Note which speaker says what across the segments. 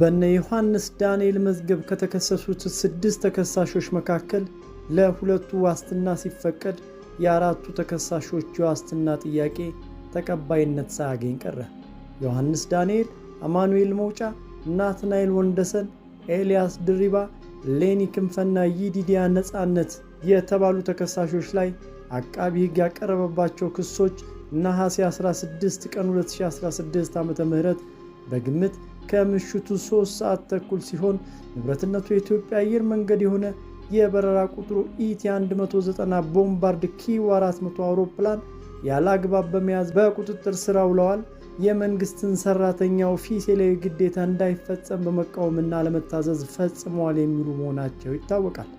Speaker 1: በነ ዮሐንስ ዳንኤል መዝገብ ከተከሰሱት ስድስት ተከሳሾች መካከል ለሁለቱ ዋስትና ሲፈቀድ የአራቱ ተከሳሾች የዋስትና ጥያቄ ተቀባይነት ሳያገኝ ቀረ። ዮሐንስ ዳንኤል፣ አማኑኤል መውጫ፣ ናትናኤል ወንደሰን፣ ኤልያስ ድሪባ፣ ሌኒ ክንፈና ይዲዲያ ነፃነት የተባሉ ተከሳሾች ላይ አቃቢ ሕግ ያቀረበባቸው ክሶች ነሐሴ 16 ቀን 2016 ም በግምት ከምሽቱ ሶስት ሰዓት ተኩል ሲሆን ንብረትነቱ የኢትዮጵያ አየር መንገድ የሆነ የበረራ ቁጥሩ ኢቲ 190 ቦምባርድ ኪው 400 አውሮፕላን ያለ አግባብ በመያዝ በቁጥጥር ስር ውለዋል። የመንግስትን ሰራተኛው ፊሴላዊ ግዴታ እንዳይፈጸም በመቃወምና ለመታዘዝ ፈጽመዋል የሚሉ መሆናቸው ይታወቃል።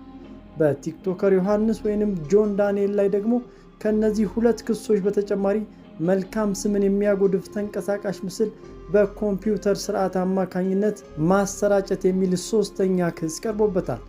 Speaker 1: በቲክቶከር ዮሐንስ ወይንም ጆን ዳንኤል ላይ ደግሞ ከእነዚህ ሁለት ክሶች በተጨማሪ መልካም ስምን የሚያጎድፍ ተንቀሳቃሽ ምስል በኮምፒውተር ስርዓት አማካኝነት ማሰራጨት የሚል ሶስተኛ ክስ ቀርቦበታል።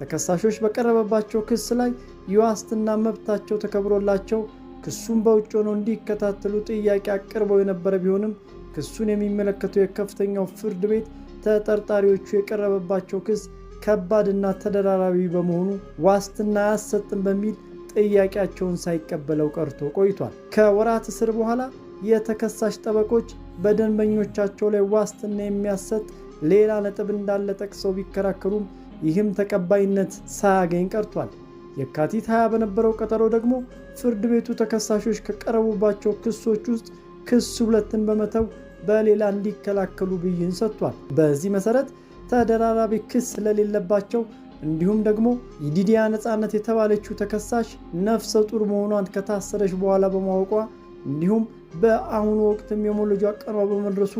Speaker 1: ተከሳሾች በቀረበባቸው ክስ ላይ የዋስትና መብታቸው ተከብሮላቸው ክሱን በውጭ ሆነው እንዲከታተሉ ጥያቄ አቅርበው የነበረ ቢሆንም ክሱን የሚመለከተው የከፍተኛው ፍርድ ቤት ተጠርጣሪዎቹ የቀረበባቸው ክስ ከባድና ተደራራቢ በመሆኑ ዋስትና አያሰጥም በሚል ጥያቄያቸውን ሳይቀበለው ቀርቶ ቆይቷል። ከወራት እስር በኋላ የተከሳሽ ጠበቆች በደንበኞቻቸው ላይ ዋስትና የሚያሰጥ ሌላ ነጥብ እንዳለ ጠቅሰው ቢከራከሩም ይህም ተቀባይነት ሳያገኝ ቀርቷል። የካቲት 20 በነበረው ቀጠሮ ደግሞ ፍርድ ቤቱ ተከሳሾች ከቀረቡባቸው ክሶች ውስጥ ክስ ሁለትን በመተው በሌላ እንዲከላከሉ ብይን ሰጥቷል። በዚህ መሰረት ተደራራቢ ክስ ስለሌለባቸው እንዲሁም ደግሞ የዲዲያ ነፃነት የተባለችው ተከሳሽ ነፍሰ ጡር መሆኗን ከታሰረች በኋላ በማወቋ እንዲሁም በአሁኑ ወቅትም የሞለጇ ቀኗ በመድረሱ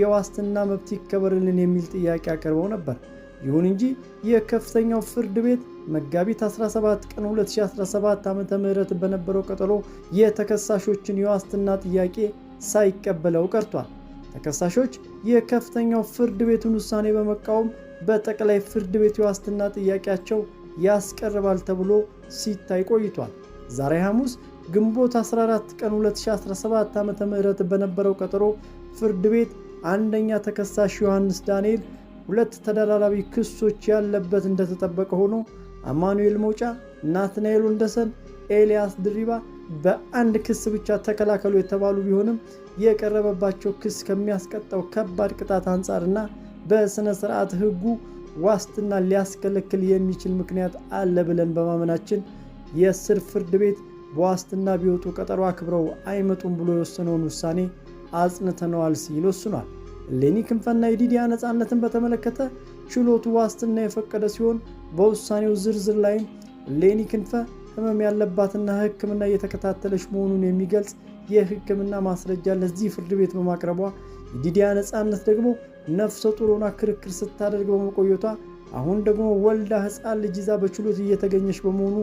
Speaker 1: የዋስትና መብት ይከበርልን የሚል ጥያቄ አቅርበው ነበር። ይሁን እንጂ የከፍተኛው ፍርድ ቤት መጋቢት 17 ቀን 2017 ዓ ም በነበረው ቀጠሮ የተከሳሾችን የዋስትና ጥያቄ ሳይቀበለው ቀርቷል። ተከሳሾች የከፍተኛው ፍርድ ቤቱን ውሳኔ በመቃወም በጠቅላይ ፍርድ ቤት የዋስትና ጥያቄያቸው ያስቀርባል ተብሎ ሲታይ ቆይቷል። ዛሬ ሐሙስ ግንቦት 14 ቀን 2017 ዓ ም በነበረው ቀጠሮ ፍርድ ቤት አንደኛ ተከሳሽ ዮሐንስ ዳንኤል ሁለት ተደራራቢ ክሶች ያለበት እንደተጠበቀ ሆኖ አማኑኤል መውጫ፣ ናትናኤል ወንደሰን፣ ኤልያስ ድሪባ በአንድ ክስ ብቻ ተከላከሉ የተባሉ ቢሆንም የቀረበባቸው ክስ ከሚያስቀጣው ከባድ ቅጣት አንጻርና በሥነ ሥርዓት ሕጉ ዋስትና ሊያስከለክል የሚችል ምክንያት አለ ብለን በማመናችን የስር ፍርድ ቤት በዋስትና ቢወጡ ቀጠሮ አክብረው አይመጡም ብሎ የወሰነውን ውሳኔ አጽንተነዋል ሲል ወስኗል። ሌኒ ክንፈና የዲዲያ ነፃነትን በተመለከተ ችሎቱ ዋስትና የፈቀደ ሲሆን በውሳኔው ዝርዝር ላይም ሌኒ ክንፈ ህመም ያለባትና ህክምና እየተከታተለች መሆኑን የሚገልጽ የህክምና ማስረጃ ለዚህ ፍርድ ቤት በማቅረቧ የዲዲያ ነፃነት ደግሞ ነፍሰ ጡር ሆና ክርክር ስታደርግ በመቆየቷ አሁን ደግሞ ወልዳ ሕፃን ልጅ ይዛ በችሎት እየተገኘች በመሆኑ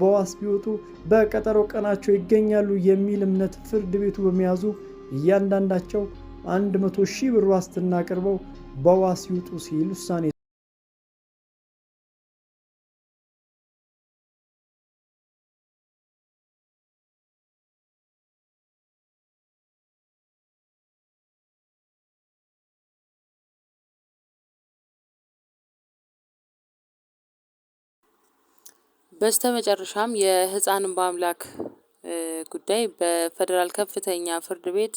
Speaker 1: በዋስ ቢወጡ በቀጠሮ ቀናቸው ይገኛሉ የሚል እምነት ፍርድ ቤቱ በመያዙ እያንዳንዳቸው 100 ሺህ ብር ዋስትና ቅርበው በዋስ ይውጡ ሲል ውሳኔ
Speaker 2: በስተመጨረሻም የህፃን በአምላክ ጉዳይ በፌደራል ከፍተኛ ፍርድ ቤት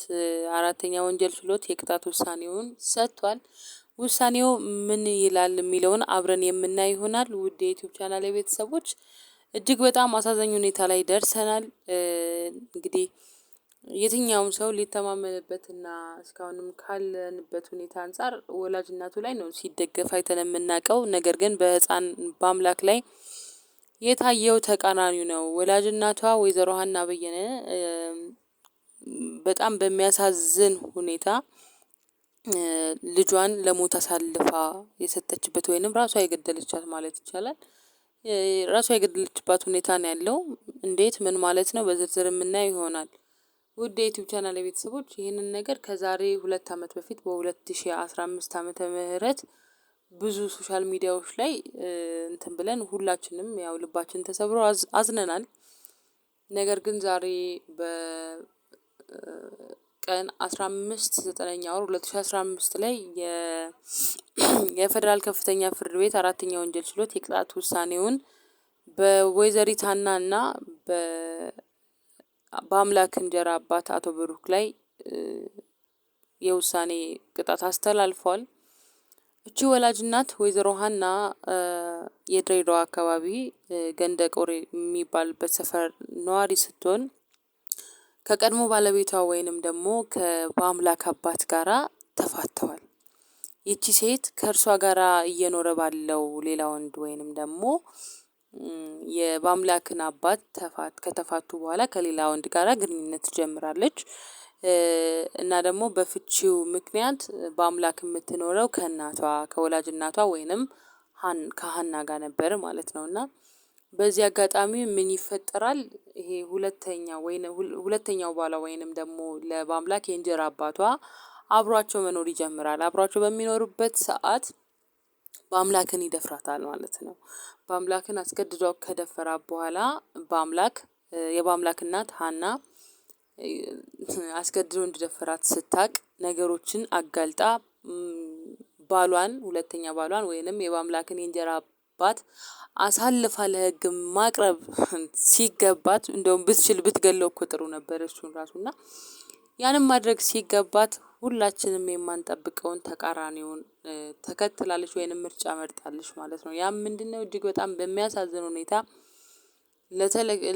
Speaker 2: አራተኛ ወንጀል ችሎት የቅጣት ውሳኔውን ሰጥቷል። ውሳኔው ምን ይላል የሚለውን አብረን የምናይ ይሆናል። ውድ የዩቲዩብ ቻናል ቤተሰቦች እጅግ በጣም አሳዛኝ ሁኔታ ላይ ደርሰናል። እንግዲህ የትኛውም ሰው ሊተማመንበትና እስካሁንም ካለንበት ሁኔታ አንጻር ወላጅናቱ ላይ ነው ሲደገፍ አይተን የምናውቀው። ነገር ግን በህፃን በአምላክ ላይ የታየው ተቃራኒ ነው። ወላጅናቷ እናቷ ወይዘሮ ሀና በየነ በጣም በሚያሳዝን ሁኔታ ልጇን ለሞት አሳልፋ የሰጠችበት ወይንም ራሷ የገደለቻት ማለት ይቻላል። ራሷ የገደለችባት ሁኔታ ነው ያለው። እንዴት ምን ማለት ነው በዝርዝር የምናየው ይሆናል። ውድ የዩቲዩብ ቻናል ቤተሰቦች ይህንን ነገር ከዛሬ ሁለት ዓመት በፊት በ2015 ዓመተ ምህረት ብዙ ሶሻል ሚዲያዎች ላይ እንትን ብለን ሁላችንም ያው ልባችን ተሰብሮ አዝነናል። ነገር ግን ዛሬ በቀን አስራ አምስት ዘጠነኛ ወር ሁለት ሺ አስራ አምስት ላይ የፌዴራል ከፍተኛ ፍርድ ቤት አራተኛ ወንጀል ችሎት የቅጣት ውሳኔውን በወይዘሪት ሀናና በአምላክ እንጀራ አባት አቶ ብሩክ ላይ የውሳኔ ቅጣት አስተላልፏል። እቺ ወላጅ እናት ወይዘሮ ሀና የድሬዳዋ አካባቢ ገንደ ቆሬ የሚባልበት ሰፈር ነዋሪ ስትሆን ከቀድሞ ባለቤቷ ወይንም ደግሞ ከበአምላክ አባት ጋራ ተፋተዋል። ይቺ ሴት ከእርሷ ጋራ እየኖረ ባለው ሌላ ወንድ ወይንም ደግሞ የበአምላክን አባት ከተፋቱ በኋላ ከሌላ ወንድ ጋራ ግንኙነት ትጀምራለች። እና ደግሞ በፍቺው ምክንያት በአምላክ የምትኖረው ከእናቷ ከወላጅ እናቷ ወይንም ከሀና ጋር ነበር ማለት ነው። እና በዚህ አጋጣሚ ምን ይፈጠራል? ይሄ ሁለተኛ ወይ ሁለተኛው ባሏ ወይንም ደግሞ ለባምላክ የእንጀራ አባቷ አብሯቸው መኖር ይጀምራል። አብሯቸው በሚኖሩበት ሰዓት በአምላክን ይደፍራታል ማለት ነው። በአምላክን አስገድዶ ከደፈራ በኋላ በአምላክ የባምላክ እናት ሀና አስገድዶ እንዲደፈራት ስታቅ ነገሮችን አጋልጣ ባሏን ሁለተኛ ባሏን ወይንም የባምላክን የእንጀራ አባት አሳልፋ ለህግ ማቅረብ ሲገባት እንደውም ብትችል ብትገለው እኮ ጥሩ ነበር። እሱን ራሱ እና ያንን ማድረግ ሲገባት ሁላችንም የማንጠብቀውን ተቃራኒውን ተከትላለች ወይንም ምርጫ መርጣለች ማለት ነው። ያም ምንድነው እጅግ በጣም በሚያሳዝን ሁኔታ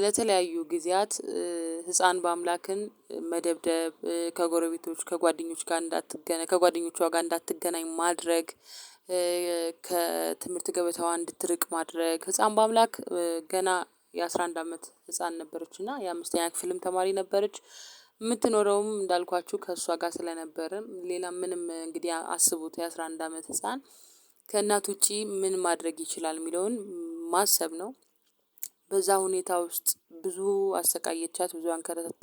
Speaker 2: ለተለያዩ ጊዜያት ህፃን በአምላክን መደብደብ ከጎረቤቶች ከጓደኞች ጋር እንዳትገናኝ ከጓደኞቿ ጋር እንዳትገናኝ ማድረግ ከትምህርት ገበታዋ እንድትርቅ ማድረግ ህፃን በአምላክ ገና የአስራ አንድ አመት ህፃን ነበረች እና የአምስተኛ ክፍልም ተማሪ ነበረች። የምትኖረውም እንዳልኳችሁ ከእሷ ጋር ስለነበርም ሌላ ምንም እንግዲህ አስቡት የአስራ አንድ አመት ህፃን ከእናት ውጪ ምን ማድረግ ይችላል የሚለውን ማሰብ ነው በዛ ሁኔታ ውስጥ ብዙ አሰቃየቻት፣ ብዙ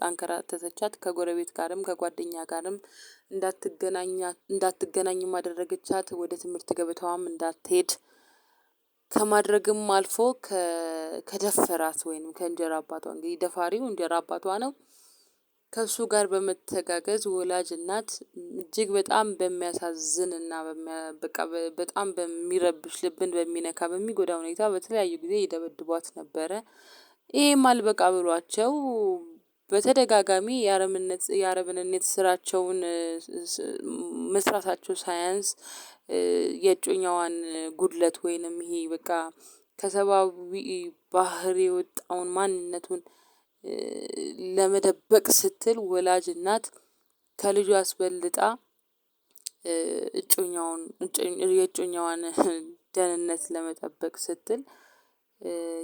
Speaker 2: አንከራተተቻት። ከጎረቤት ጋርም ከጓደኛ ጋርም እንዳትገናኝ ማደረገቻት ወደ ትምህርት ገበታዋም እንዳትሄድ ከማድረግም አልፎ ከደፈራት ወይም ከእንጀራ አባቷ እንግዲህ ደፋሪው እንጀራ አባቷ ነው። ከእሱ ጋር በመተጋገዝ ወላጅ እናት እጅግ በጣም በሚያሳዝን እና በጣም በሚረብሽ ልብን በሚነካ በሚጎዳ ሁኔታ በተለያዩ ጊዜ ይደበድቧት ነበረ። ይህም አልበቃ ብሏቸው በተደጋጋሚ የአረምነት የአረመኔነት ስራቸውን መስራታቸው ሳያንስ የእጮኛዋን ጉድለት ወይንም ይሄ በቃ ከሰብአዊ ባህር የወጣውን ማንነቱን ለመደበቅ ስትል ወላጅ እናት ከልጇ አስበልጣ እጮኛውን የእጮኛዋን ደህንነት ለመጠበቅ ስትል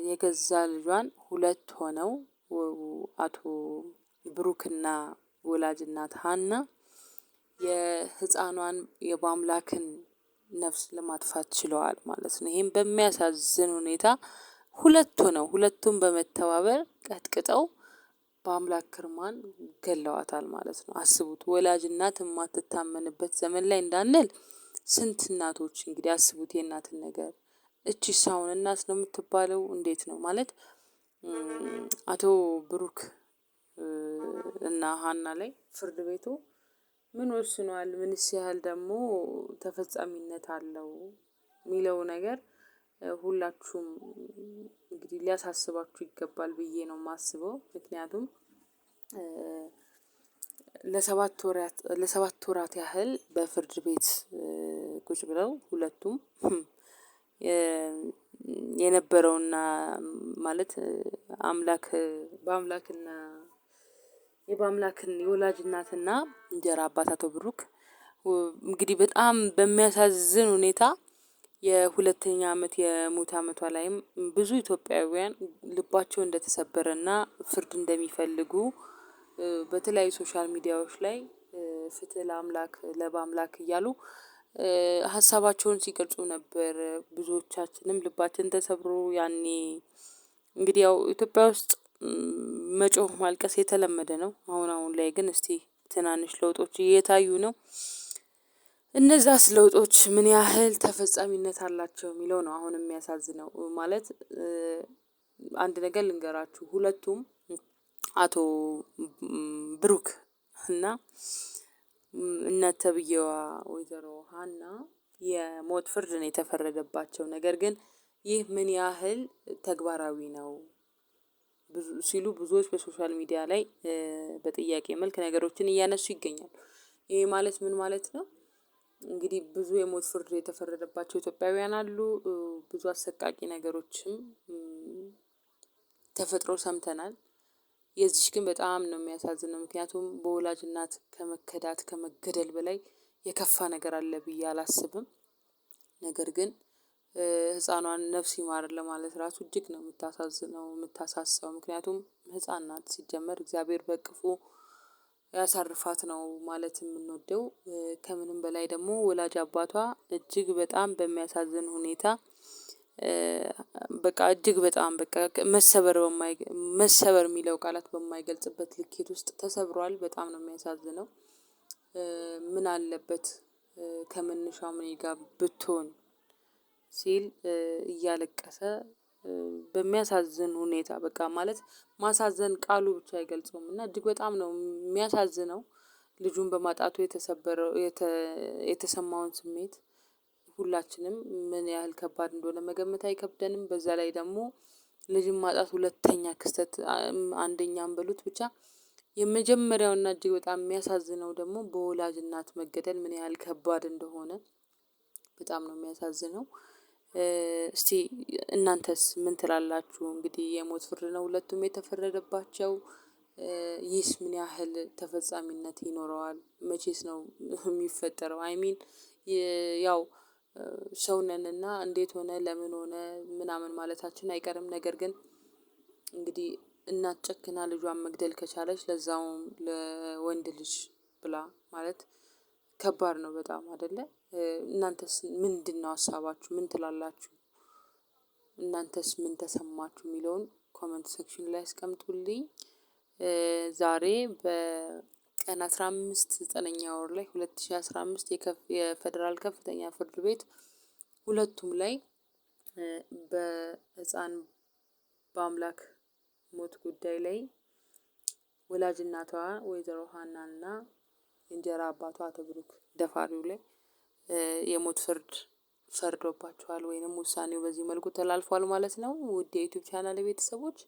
Speaker 2: የገዛ ልጇን ሁለት ሆነው አቶ ብሩክና ወላጅ እናት ሀና የህፃኗን የባምላክን ነፍስ ለማጥፋት ችለዋል ማለት ነው። ይህም በሚያሳዝን ሁኔታ ሁለቱ ነው። ሁለቱም በመተባበር ቀጥቅጠው በአምላክ ክርማን ገለዋታል ማለት ነው። አስቡት ወላጅ እናት የማትታመንበት ዘመን ላይ እንዳንል ስንት እናቶች እንግዲህ አስቡት የእናትን ነገር እቺ ሳሁን እናት ነው የምትባለው። እንዴት ነው ማለት አቶ ብሩክ እና ሀና ላይ ፍርድ ቤቱ ምን ወስኗል፣ ምንስ ያህል ደግሞ ተፈጻሚነት አለው የሚለው ነገር ሁላችሁም እንግዲህ ሊያሳስባችሁ ይገባል ብዬ ነው የማስበው። ምክንያቱም ለሰባት ወራት ያህል በፍርድ ቤት ቁጭ ብለው ሁለቱም የነበረውና ማለት አምላክ በአምላክና የበአምላክን የወላጅ እናትና እንጀራ አባት አቶ ብሩክ እንግዲህ በጣም በሚያሳዝን ሁኔታ የሁለተኛ ዓመት የሙት ዓመቷ ላይም ብዙ ኢትዮጵያውያን ልባቸው እንደተሰበረ ና ፍርድ እንደሚፈልጉ በተለያዩ ሶሻል ሚዲያዎች ላይ ፍትህ ለአምላክ አምላክ እያሉ ሀሳባቸውን ሲገልጹ ነበር። ብዙዎቻችንም ልባችን ተሰብሮ ያኔ እንግዲህ ያው ኢትዮጵያ ውስጥ መጮህ ማልቀስ የተለመደ ነው። አሁን አሁን ላይ ግን እስቲ ትናንሽ ለውጦች እየታዩ ነው። እነዛስ ለውጦች ምን ያህል ተፈጻሚነት አላቸው የሚለው ነው አሁን የሚያሳዝነው። ማለት አንድ ነገር ልንገራችሁ፣ ሁለቱም አቶ ብሩክ እና እነተብየዋ ወይዘሮ ሀና የሞት ፍርድ ነው የተፈረደባቸው። ነገር ግን ይህ ምን ያህል ተግባራዊ ነው ሲሉ ብዙዎች በሶሻል ሚዲያ ላይ በጥያቄ መልክ ነገሮችን እያነሱ ይገኛሉ። ይህ ማለት ምን ማለት ነው? እንግዲህ ብዙ የሞት ፍርድ የተፈረደባቸው ኢትዮጵያውያን አሉ። ብዙ አሰቃቂ ነገሮችም ተፈጥሮ ሰምተናል። የዚች ግን በጣም ነው የሚያሳዝነው። ምክንያቱም በወላጅ እናት ከመከዳት ከመገደል በላይ የከፋ ነገር አለ ብዬ አላስብም። ነገር ግን ህፃኗን ነፍስ ይማር ለማለት ራሱ እጅግ ነው የምታሳዝነው የምታሳስበው። ምክንያቱም ሕፃን ናት ሲጀመር እግዚአብሔር በቅፉ ያሳርፋት ነው ማለት የምንወደው። ከምንም በላይ ደግሞ ወላጅ አባቷ እጅግ በጣም በሚያሳዝን ሁኔታ በቃ እጅግ በጣም በቃ መሰበር መሰበር የሚለው ቃላት በማይገልጽበት ልኬት ውስጥ ተሰብሯል። በጣም ነው የሚያሳዝነው። ምን አለበት ከመነሻው እኔ ጋር ብትሆን ሲል እያለቀሰ በሚያሳዝን ሁኔታ በቃ ማለት ማሳዘን ቃሉ ብቻ አይገልጸውም እና እጅግ በጣም ነው የሚያሳዝነው። ልጁን በማጣቱ የተሰበረው የተሰማውን ስሜት ሁላችንም ምን ያህል ከባድ እንደሆነ መገመት አይከብደንም። በዛ ላይ ደግሞ ልጅን ማጣት ሁለተኛ ክስተት አንደኛም በሉት ብቻ የመጀመሪያውና እጅግ በጣም የሚያሳዝነው ደግሞ በወላጅ እናት መገደል ምን ያህል ከባድ እንደሆነ በጣም ነው የሚያሳዝነው እስቲ እናንተስ ምን ትላላችሁ? እንግዲህ የሞት ፍርድ ነው ሁለቱም የተፈረደባቸው። ይህስ ምን ያህል ተፈጻሚነት ይኖረዋል? መቼስ ነው የሚፈጠረው? አይሚን ያው ሰውነንና እንዴት ሆነ ለምን ሆነ ምናምን ማለታችን አይቀርም። ነገር ግን እንግዲህ እናት ጨክና ልጇን መግደል ከቻለች ለዛውም ለወንድ ልጅ ብላ ማለት ከባድ ነው በጣም አይደለ? እናንተስ ምንድን ነው ሀሳባችሁ? ምን ትላላችሁ? እናንተስ ምን ተሰማችሁ? የሚለውን ኮመንት ሴክሽን ላይ አስቀምጡልኝ። ዛሬ በቀን አስራ አምስት ዘጠነኛ ወር ላይ 2015 የፌዴራል ከፍተኛ ፍርድ ቤት ሁለቱም ላይ በህፃን በአምላክ ሞት ጉዳይ ላይ ወላጅ እናቷ ወይዘሮ ሀናና እንጀራ አባቷ አቶ ብሩክ ደፋሪው ላይ የሞት ፍርድ ፈርዶባቸዋል ወይንም ውሳኔው በዚህ መልኩ ተላልፏል ማለት ነው። ውድ የዩቲዩብ ቻናል ቤተሰቦች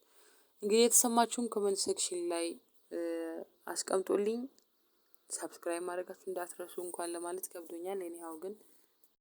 Speaker 2: እንግዲህ የተሰማችሁን ኮመንት ሴክሽን ላይ አስቀምጦልኝ፣ ሰብስክራይብ ማድረጋችሁ እንዳትረሱ እንኳን ለማለት ከብዶኛል። እኔ ያው ግን